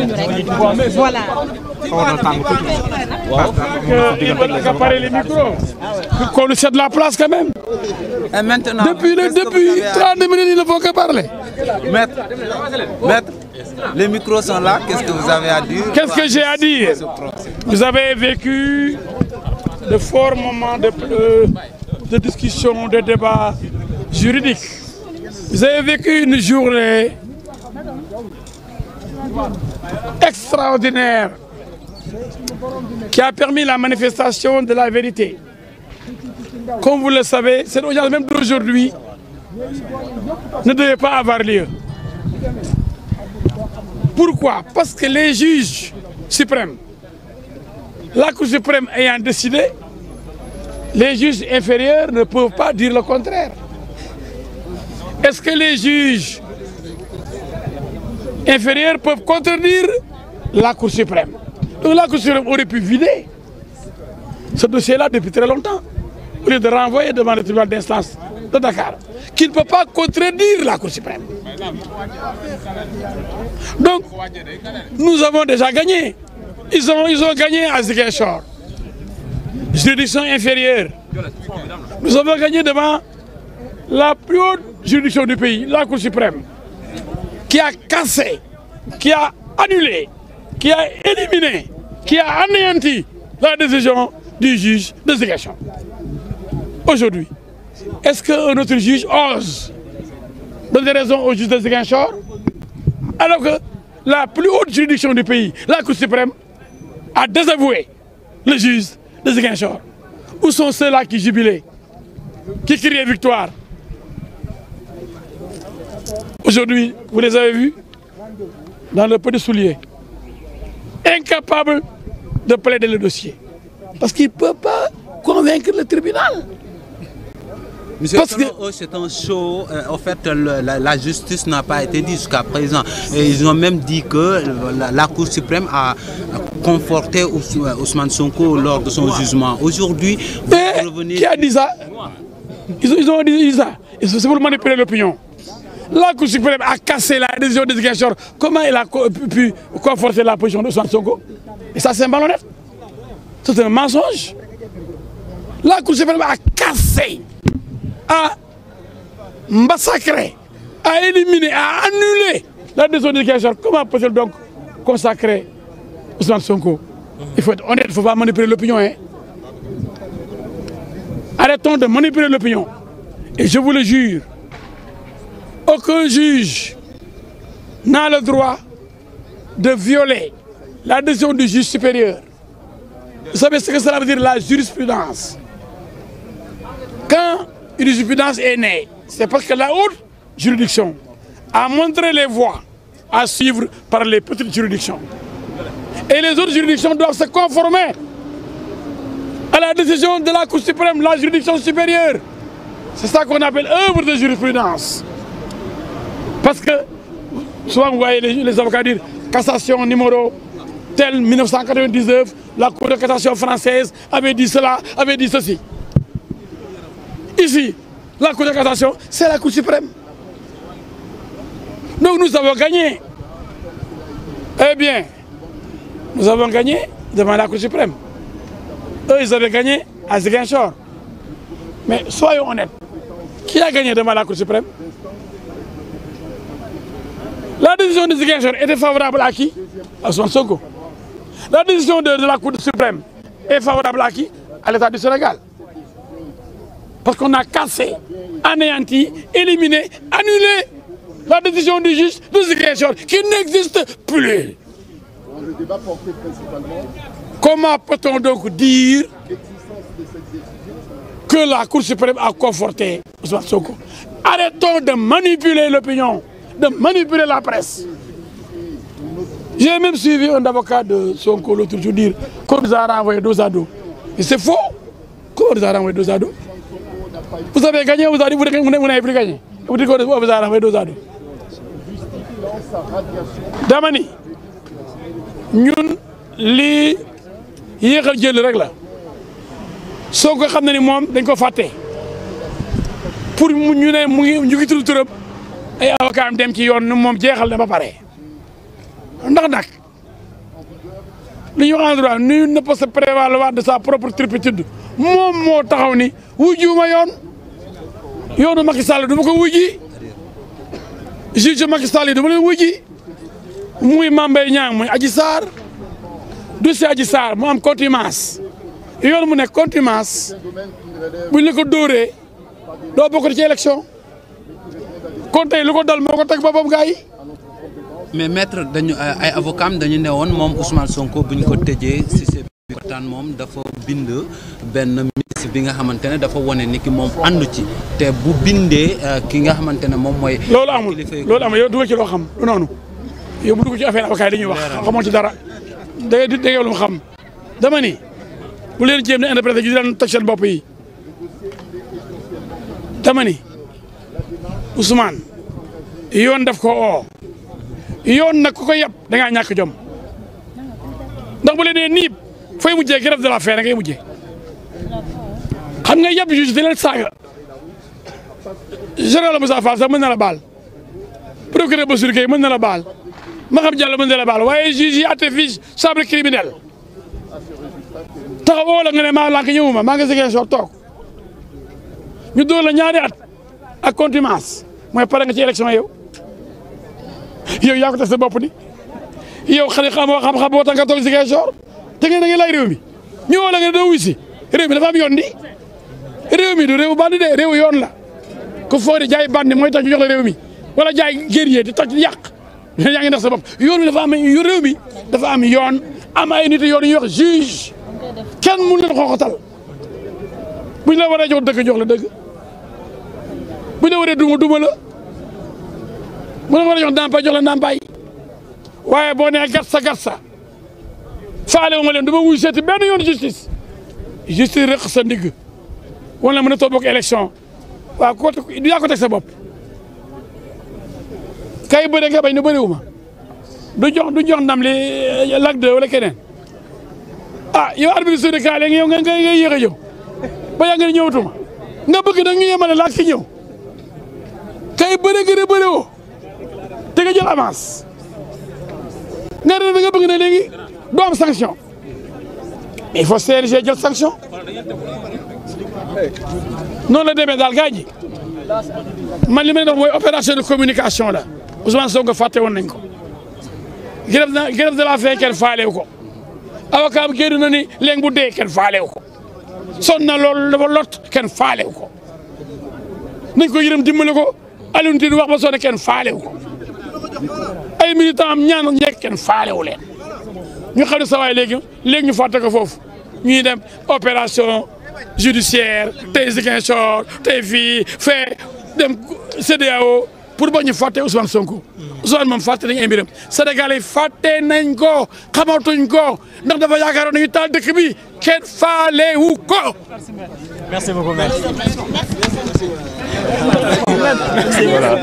gëstuñu rek voilà. Ah Qu'on cède la place quand même. Et maintenant, depuis le, depuis 30 minutes, il ne faut que parler. Qu'est-ce que j'ai à dire Vous avez vécu de forts euh, de, discussion, de débats juridiques. Vous avez vécu une journée extraordinaire qui a permis la manifestation de la vérité. Comme vous le savez, cette audience ne devait pas avoir lieu. Pourquoi? Parce que les juges suprêmes, la Cour suprême ayant décidé, les juges inférieurs ne peuvent pas dire le contraire. Est-ce que les juges inférieurs peuvent contredire la Cour suprême. Donc la Cour suprême aurait pu vider ce dossier-là depuis très longtemps, au lieu de renvoyer devant le tribunal d'instance de Dakar, qui ne peut pas contredire la Cour suprême. Donc, nous avons déjà gagné. Ils ont, gagné à Ziguinchor, juridiction inférieure. Nous avons gagné devant la plus haute juridiction du pays, la Cour suprême. qui a cassé, qui a annulé, qui a éliminé, qui a anéanti la décision du juge de Ziguinchor. Aujourd'hui, est-ce que autre juge ose donner raison au juge de Ziguinchor alors que la plus haute juridiction du pays, la Cour suprême, a désavoué le juge de Ziguinchor Où sont ceux-là qui jubilaient, qui criaient victoire Aujourd'hui, vous les avez vus dans le petit soulier, incapables de plaider le dossier. Parce qu'ils ne pas convaincre le tribunal. Oh, euh, la, justice n'a pas été dite jusqu'à présent. ils ont même dit que la, la Cour suprême a conforté euh, Ousmane Sonko lors de son jugement. Aujourd'hui, Qui a dit ça Ils, ont, dit ça. C'est pour l'opinion. La Cour suprême a cassé la décision des Ziguinchor. Comment elle a pu la position de Ousmane Sonko Et ça, c'est un malhonnête. C'est un mensonge. La Cour suprême a cassé, a massacré, a éliminé, a annulé la décision Comment peut-elle donc consacrer Ousmane Sonko Il faut être honnête, il ne pas manipuler l'opinion. Hein. Arrêtons de manipuler l'opinion. Et je vous le aucun juge n'a le droit de violer la décision du juge supérieur. Vous savez ce que cela veut dire la jurisprudence. Quand une jurisprudence est née, c'est parce que la haute juridiction a montré les voies à suivre par les petites juridictions. Et les autres juridictions doivent se conformer à la décision de la Cour suprême, la juridiction supérieure. C'est ça qu'on appelle œuvre de jurisprudence. Parce que souvent vous voyez les, les avocats dire cassation numéro tel 1999, la Cour de cassation française avait dit cela, avait dit ceci. Ici, la Cour de cassation, c'est la Cour suprême. Donc nous avons gagné. Eh bien, nous avons gagné devant la Cour suprême. Eux, ils avaient gagné à Ziguinchor. Mais soyons honnêtes, qui a gagné devant la Cour suprême La décision de Ziguinchor était favorable à qui À Ousmane La décision de, la Cour suprême est favorable à qui l'État du Sénégal. Parce qu'on a cassé, anéanti, éliminé, annulé la décision du juge de Ziguinchor qui n'existe plus. Comment peut-on donc dire que la Cour suprême a conforté Ousmane Sonko de manipuler l'opinion. de manipuler la presse. J'ai même suivi un avocat de Sonko l'autre jour dire qu'on nous a renvoyé dos à dos. Mais c'est faux. Comment on nous a renvoyé dos à dos Vous avez gagné, vous avez dit que vous n'avez plus gagné. Vous dites qu'on vous a renvoyé dos à dos. dama ni ñun lii yéex a jël rek la soo ko xam ne ni moom dañ ko fàtte pour mu ñu ñu ngi tudd ay avocat dem ci yoon nu moom jeexal na ba pare ndax nag li ñu wax en droit nul ne peut se prévaloir de sa propre turpitude moom moo taxaw ni wujjuuma yoon yoonu Macky Sall du mu ko wujji juge Macky yi du ma leen wujji muy Mame Mbaye Niang muy Adji Sarr du si Adji Sarr mu am contumace mu nekk contumace buñ la ko dóoree doo bokk ci élection kon tey lu ko dal moo ko teg boppam gars yi. mais metre dañu euh, ay avocam dañu ne moom Ousmane Sonko bu ñu ko tëjee si seen waxtaan moom dafa bind benn ministre bi nga xamante ne dafa wane ni ki moom àndu ci te bu bindee euh, ki nga xamante ne moom mooy. loolu amul loolu amul yow dugal ci loo xam lu noonu yow bu dugg ci affaire avocats yi dañuy wax. xamoo ci dara day di déggee lu xam. damani ni bu leen jéem ne interprété ju di leen seen bopp yi dama Ousmane yoon daf ko oo yoon nag ku ko yab da ngaa ñàkk jom ndax bu leen nee niib fooy mujjee grève de la faim ngay mujjee xam nga yab juge di leen saaga général Moussa na la baal procureur Bassirou Gueye mën na la baal Maham Diallo mën na la baal waaye juge yi àtte fii chambre criminelle woo la nga ne maa lànk ñëwuma maa ngi Ziguinchor toog ñu dóor la ñaari at ak contumace mooy pare nga ci élection yow yow yaa ko sa bopp di yow xam xam-xam boo tax nga toog si kay soor te ngeen da ngay laaj réew mi ñëwoo la nga doo wuy si réew mi dafa am yoon di réew mi du réew bandi de réew yoon la ku foog de jaay bandi mooy tax ñu jox mi wala jaay guerrier di tax di yàq yaa ngi ndax sa bopp yoon mi dafa am réew mi dafa am yoon am ay nit yoon yu ñuy wax juge kenn buñ la war a jox dëgg jox la dëgg. bu ñu la waree duma duma la bu la war a jox ndàmpaay jox la ndàmpaay waaye boo nee gat sa gat sa faale wu ma leen du ma wuy seeti benn yoon sa ndigg wala mën a toog bokk élection waaw ko bopp kay bëre nga bañ ne bëriwu ma du jox du jox ndam li eh, lag de wala keneen ah yow arbitre bi kaa léegi yow nga nga yéex a ñëw ba yaa ngi ñëwatuma nga bëgg nag ñu yemale laaj ki ñëw tey bëri nga ne bëri woo te jël avance nee na da nga bëgg na léegi doo am sanction il faut CRG jël sanction noonu la demee daal gars yi man li may dox mooy opération de communication la Ousmane Sonko fàtte woon nañ ko grève na grève de la faim kenn faalewu ko avocat bi génn na ni léegi bu dee kenn faalewu ko sonn na loolu dafa lot kenn faalewu ko nañ ko yërëm dimbali ko Alioune Tine wax ba sonn kenn faalewu ko ay militant am ñaan kenn faalewu leen ñu xam ne sa waay léegi léegi ñu ko foofu ñuy dem opération judiciaire tey Ziguinchor tey fii fee dem CEDEAO pour ba ñu fàtte Ousmane Sonko Ousmane moom fàtte nañ ay mbiram Sénégal yi fàtte nañ ko xamatuñ ko ndax dafa yaakaaroon nañu taal dëkk bi kenn faalewu ko merci beaucoup merci Merci. Voilà.